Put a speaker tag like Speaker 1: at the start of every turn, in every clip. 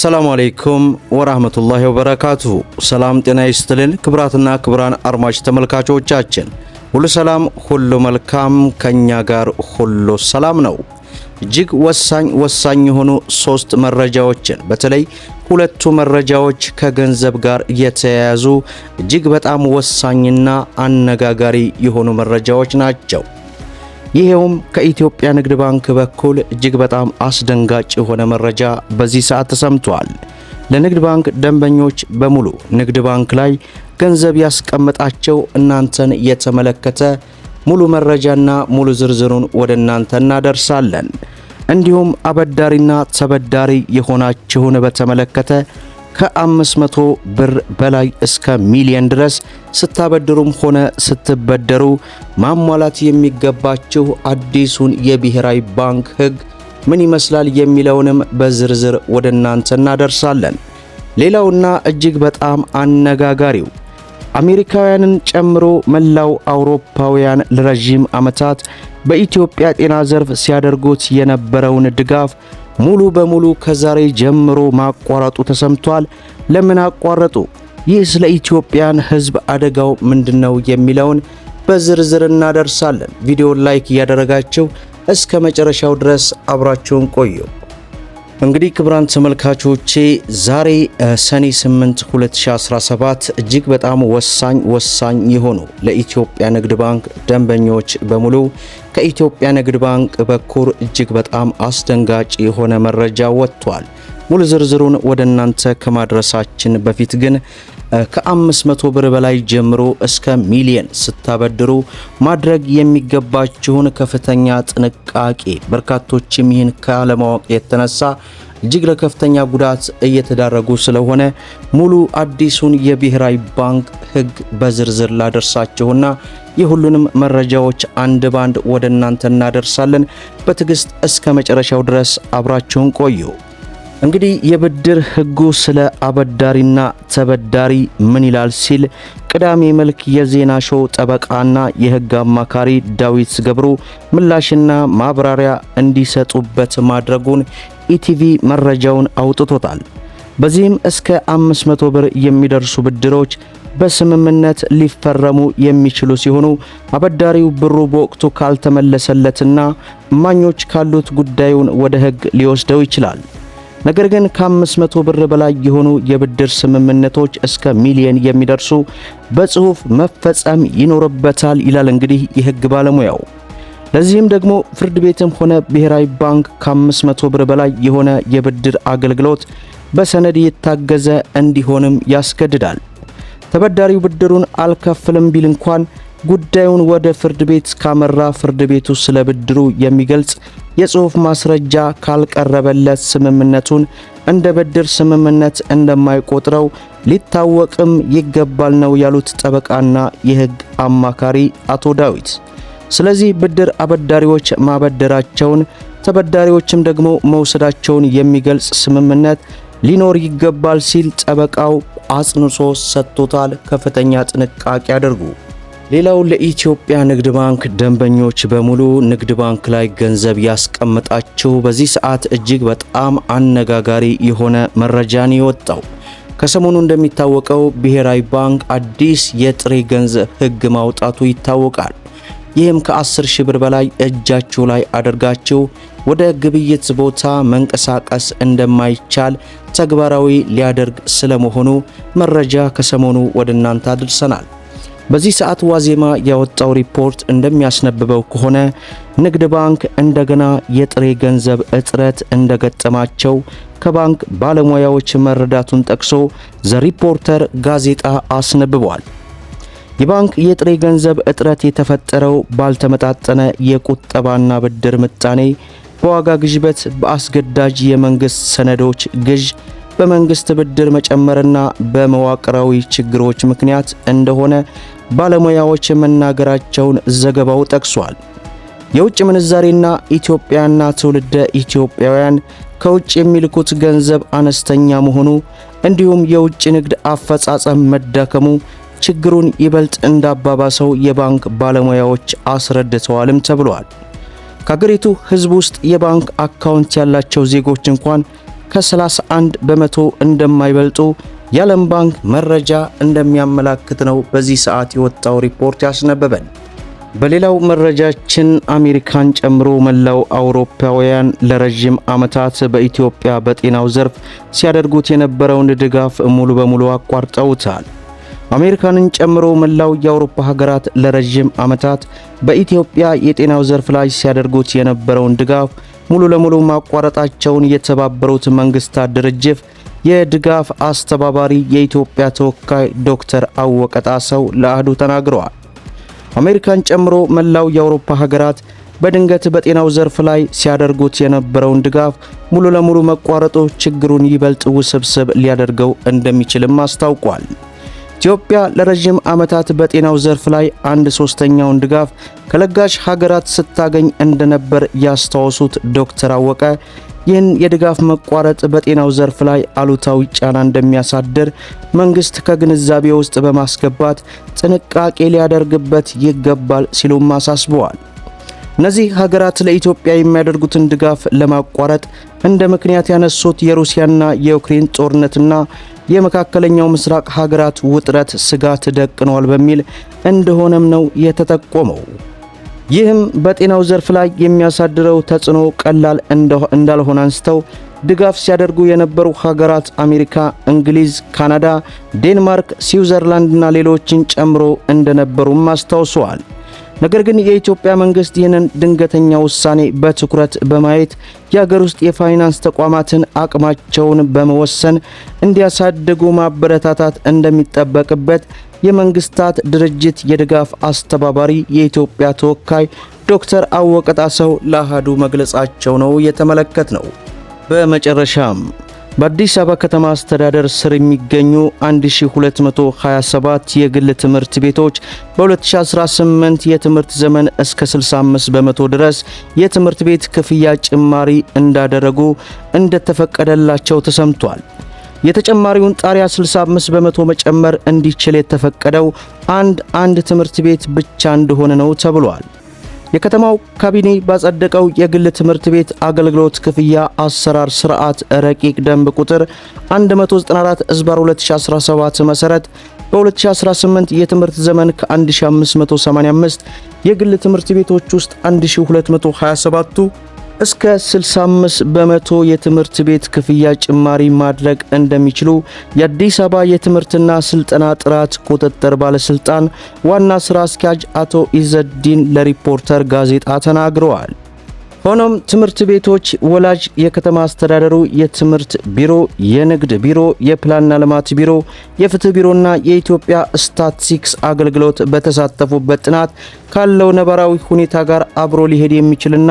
Speaker 1: ሰላም አለይኩም ወራህመቱላሂ ወበረካቱሁ። ሰላም ጤና ይስጥልን ክብራትና ክብራን አድማጭ ተመልካቾቻችን ሁሉ ሰላም፣ ሁሉ መልካም፣ ከኛ ጋር ሁሉ ሰላም ነው። እጅግ ወሳኝ ወሳኝ የሆኑ ሶስት መረጃዎችን በተለይ ሁለቱ መረጃዎች ከገንዘብ ጋር የተያያዙ እጅግ በጣም ወሳኝና አነጋጋሪ የሆኑ መረጃዎች ናቸው። ይሄውም ከኢትዮጵያ ንግድ ባንክ በኩል እጅግ በጣም አስደንጋጭ የሆነ መረጃ በዚህ ሰዓት ተሰምቷል። ለንግድ ባንክ ደንበኞች በሙሉ ንግድ ባንክ ላይ ገንዘብ ያስቀመጣቸው እናንተን የተመለከተ ሙሉ መረጃና ሙሉ ዝርዝሩን ወደ እናንተ እናደርሳለን። እንዲሁም አበዳሪና ተበዳሪ የሆናችሁን በተመለከተ ከ500 ብር በላይ እስከ ሚሊየን ድረስ ስታበድሩም ሆነ ስትበደሩ ማሟላት የሚገባችሁ አዲሱን የብሔራዊ ባንክ ሕግ ምን ይመስላል የሚለውንም በዝርዝር ወደ እናንተ እናደርሳለን። ሌላውና እጅግ በጣም አነጋጋሪው አሜሪካውያንን ጨምሮ መላው አውሮፓውያን ለረዥም ዓመታት በኢትዮጵያ ጤና ዘርፍ ሲያደርጉት የነበረውን ድጋፍ ሙሉ በሙሉ ከዛሬ ጀምሮ ማቋረጡ ተሰምቷል። ለምን አቋረጡ? ይህ ስለ ኢትዮጵያን ሕዝብ አደጋው ምንድነው የሚለውን በዝርዝር እናደርሳለን። ቪዲዮን ላይክ እያደረጋችሁ እስከ መጨረሻው ድረስ አብራችሁን ቆዩ። እንግዲህ ክቡራን ተመልካቾቼ ዛሬ ሰኔ 8 2017 እጅግ በጣም ወሳኝ ወሳኝ የሆኑ ለኢትዮጵያ ንግድ ባንክ ደንበኞች በሙሉ ከኢትዮጵያ ንግድ ባንክ በኩል እጅግ በጣም አስደንጋጭ የሆነ መረጃ ወጥቷል። ሙሉ ዝርዝሩን ወደ እናንተ ከማድረሳችን በፊት ግን ከአምስት መቶ ብር በላይ ጀምሮ እስከ ሚሊየን ስታበድሩ ማድረግ የሚገባችሁን ከፍተኛ ጥንቃቄ። በርካቶችም ይህን ካለማወቅ የተነሳ እጅግ ለከፍተኛ ጉዳት እየተዳረጉ ስለሆነ ሙሉ አዲሱን የብሔራዊ ባንክ ሕግ በዝርዝር ላደርሳችሁና የሁሉንም መረጃዎች አንድ ባንድ ወደ እናንተ እናደርሳለን። በትዕግስት እስከ መጨረሻው ድረስ አብራችሁን ቆዩ። እንግዲህ የብድር ሕጉ ስለ አበዳሪና ተበዳሪ ምን ይላል ሲል ቅዳሜ መልክ የዜና ሾው ጠበቃና የህግ አማካሪ ዳዊት ገብሩ ምላሽና ማብራሪያ እንዲሰጡበት ማድረጉን ኢቲቪ መረጃውን አውጥቶታል። በዚህም እስከ 500 ብር የሚደርሱ ብድሮች በስምምነት ሊፈረሙ የሚችሉ ሲሆኑ አበዳሪው ብሩ በወቅቱ ካልተመለሰለትና እማኞች ካሉት ጉዳዩን ወደ ህግ ሊወስደው ይችላል። ነገር ግን ከ500 ብር በላይ የሆኑ የብድር ስምምነቶች እስከ ሚሊየን የሚደርሱ በጽሑፍ መፈጸም ይኖርበታል ይላል እንግዲህ የህግ ባለሙያው። ለዚህም ደግሞ ፍርድ ቤትም ሆነ ብሔራዊ ባንክ ከ500 ብር በላይ የሆነ የብድር አገልግሎት በሰነድ የታገዘ እንዲሆንም ያስገድዳል። ተበዳሪው ብድሩን አልከፍልም ቢል እንኳን ጉዳዩን ወደ ፍርድ ቤት ካመራ ፍርድ ቤቱ ስለ ብድሩ የሚገልጽ የጽሑፍ ማስረጃ ካልቀረበለት ስምምነቱን እንደ ብድር ስምምነት እንደማይቆጥረው ሊታወቅም ይገባል ነው ያሉት ጠበቃና የሕግ አማካሪ አቶ ዳዊት። ስለዚህ ብድር አበዳሪዎች ማበደራቸውን ተበዳሪዎችም ደግሞ መውሰዳቸውን የሚገልጽ ስምምነት ሊኖር ይገባል ሲል ጠበቃው አጽንዖት ሰጥቶታል። ከፍተኛ ጥንቃቄ አድርጉ። ሌላው ለኢትዮጵያ ንግድ ባንክ ደንበኞች በሙሉ ንግድ ባንክ ላይ ገንዘብ ያስቀምጣችሁ። በዚህ ሰዓት እጅግ በጣም አነጋጋሪ የሆነ መረጃን የወጣው ከሰሞኑ እንደሚታወቀው ብሔራዊ ባንክ አዲስ የጥሬ ገንዘብ ሕግ ማውጣቱ ይታወቃል። ይህም ከ10 ሺህ ብር በላይ እጃችሁ ላይ አድርጋችሁ ወደ ግብይት ቦታ መንቀሳቀስ እንደማይቻል ተግባራዊ ሊያደርግ ስለመሆኑ መረጃ ከሰሞኑ ወደ እናንተ አድርሰናል። በዚህ ሰዓት ዋዜማ ያወጣው ሪፖርት እንደሚያስነብበው ከሆነ ንግድ ባንክ እንደገና የጥሬ ገንዘብ እጥረት እንደገጠማቸው ከባንክ ባለሙያዎች መረዳቱን ጠቅሶ ዘሪፖርተር ሪፖርተር ጋዜጣ አስነብቧል። የባንክ የጥሬ ገንዘብ እጥረት የተፈጠረው ባልተመጣጠነ የቁጠባና ብድር ምጣኔ፣ በዋጋ ግሽበት፣ በአስገዳጅ የመንግሥት ሰነዶች ግዥ፣ በመንግሥት ብድር መጨመርና በመዋቅራዊ ችግሮች ምክንያት እንደሆነ ባለሙያዎች የመናገራቸውን ዘገባው ጠቅሷል። የውጭ ምንዛሬና ኢትዮጵያና ትውልደ ኢትዮጵያውያን ከውጭ የሚልኩት ገንዘብ አነስተኛ መሆኑ እንዲሁም የውጭ ንግድ አፈጻጸም መዳከሙ ችግሩን ይበልጥ እንዳባባሰው የባንክ ባለሙያዎች አስረድተዋልም ተብሏል። ከአገሪቱ ሕዝብ ውስጥ የባንክ አካውንት ያላቸው ዜጎች እንኳን ከ31 በመቶ እንደማይበልጡ የዓለም ባንክ መረጃ እንደሚያመላክት ነው በዚህ ሰዓት የወጣው ሪፖርት ያስነበበን። በሌላው መረጃችን አሜሪካን ጨምሮ መላው አውሮፓውያን ለረዥም ዓመታት በኢትዮጵያ በጤናው ዘርፍ ሲያደርጉት የነበረውን ድጋፍ ሙሉ በሙሉ አቋርጠውታል። አሜሪካንን ጨምሮ መላው የአውሮፓ ሀገራት ለረዥም ዓመታት በኢትዮጵያ የጤናው ዘርፍ ላይ ሲያደርጉት የነበረውን ድጋፍ ሙሉ ለሙሉ ማቋረጣቸውን የተባበሩት መንግስታት ድርጅት የድጋፍ አስተባባሪ የኢትዮጵያ ተወካይ ዶክተር አወቀ ጣሰው ለአህዱ ተናግረዋል። አሜሪካን ጨምሮ መላው የአውሮፓ ሀገራት በድንገት በጤናው ዘርፍ ላይ ሲያደርጉት የነበረውን ድጋፍ ሙሉ ለሙሉ መቋረጡ ችግሩን ይበልጥ ውስብስብ ሊያደርገው እንደሚችልም አስታውቋል። ኢትዮጵያ ለረዥም ዓመታት በጤናው ዘርፍ ላይ አንድ ሶስተኛውን ድጋፍ ከለጋሽ ሀገራት ስታገኝ እንደነበር ያስታወሱት ዶክተር አወቀ ይህን የድጋፍ መቋረጥ በጤናው ዘርፍ ላይ አሉታዊ ጫና እንደሚያሳድር መንግስት ከግንዛቤ ውስጥ በማስገባት ጥንቃቄ ሊያደርግበት ይገባል ሲሉም አሳስበዋል። እነዚህ ሀገራት ለኢትዮጵያ የሚያደርጉትን ድጋፍ ለማቋረጥ እንደ ምክንያት ያነሱት የሩሲያና የዩክሬን ጦርነትና የመካከለኛው ምስራቅ ሀገራት ውጥረት ስጋት ደቅኗል በሚል እንደሆነም ነው የተጠቆመው። ይህም በጤናው ዘርፍ ላይ የሚያሳድረው ተጽዕኖ ቀላል እንዳልሆነ አንስተው ድጋፍ ሲያደርጉ የነበሩ ሀገራት አሜሪካ፣ እንግሊዝ፣ ካናዳ፣ ዴንማርክ፣ ስዊዘርላንድና ሌሎችን ጨምሮ እንደነበሩም አስታውሰዋል። ነገር ግን የኢትዮጵያ መንግስት ይህንን ድንገተኛ ውሳኔ በትኩረት በማየት የሀገር ውስጥ የፋይናንስ ተቋማትን አቅማቸውን በመወሰን እንዲያሳድጉ ማበረታታት እንደሚጠበቅበት የመንግስታት ድርጅት የድጋፍ አስተባባሪ የኢትዮጵያ ተወካይ ዶክተር አወቀጣሰው ጣሰው ለአሃዱ መግለጻቸው ነው የተመለከት ነው። በመጨረሻም በአዲስ አበባ ከተማ አስተዳደር ስር የሚገኙ 1227 የግል ትምህርት ቤቶች በ2018 የትምህርት ዘመን እስከ 65 በመቶ ድረስ የትምህርት ቤት ክፍያ ጭማሪ እንዳደረጉ እንደተፈቀደላቸው ተሰምቷል። የተጨማሪውን ጣሪያ 65 በመቶ መጨመር እንዲችል የተፈቀደው አንድ አንድ ትምህርት ቤት ብቻ እንደሆነ ነው ተብሏል። የከተማው ካቢኔ ባጸደቀው የግል ትምህርት ቤት አገልግሎት ክፍያ አሰራር ስርዓት ረቂቅ ደንብ ቁጥር 194 ዝባር 2017 መሰረት በ2018 የትምህርት ዘመን ከ1585 የግል ትምህርት ቤቶች ውስጥ 1227ቱ እስከ 65 በመቶ የትምህርት ቤት ክፍያ ጭማሪ ማድረግ እንደሚችሉ የአዲስ አበባ የትምህርትና ስልጠና ጥራት ቁጥጥር ባለስልጣን ዋና ስራ አስኪያጅ አቶ ኢዘዲን ለሪፖርተር ጋዜጣ ተናግረዋል። ሆኖም ትምህርት ቤቶች፣ ወላጅ፣ የከተማ አስተዳደሩ፣ የትምህርት ቢሮ፣ የንግድ ቢሮ፣ የፕላንና ልማት ቢሮ፣ የፍትህ ቢሮና የኢትዮጵያ ስታቲስቲክስ አገልግሎት በተሳተፉበት ጥናት ካለው ነባራዊ ሁኔታ ጋር አብሮ ሊሄድ የሚችልና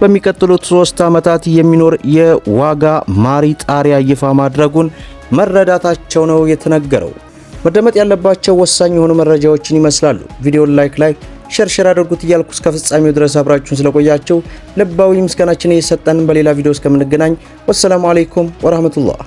Speaker 1: በሚቀጥሉት ሶስት ዓመታት የሚኖር የዋጋ ማሪ ጣሪያ ይፋ ማድረጉን መረዳታቸው ነው የተነገረው። መደመጥ ያለባቸው ወሳኝ የሆኑ መረጃዎችን ይመስላሉ። ቪዲዮን ላይክ ላይክ ሸርሸር አድርጉት እያልኩ እስከ ፍጻሜው ድረስ አብራችሁን ስለቆያችሁ ልባዊ ምስጋናችን እየሰጠን በሌላ ቪዲዮ እስከምንገናኝ ወሰላሙ አሌይኩም ወረህመቱላህ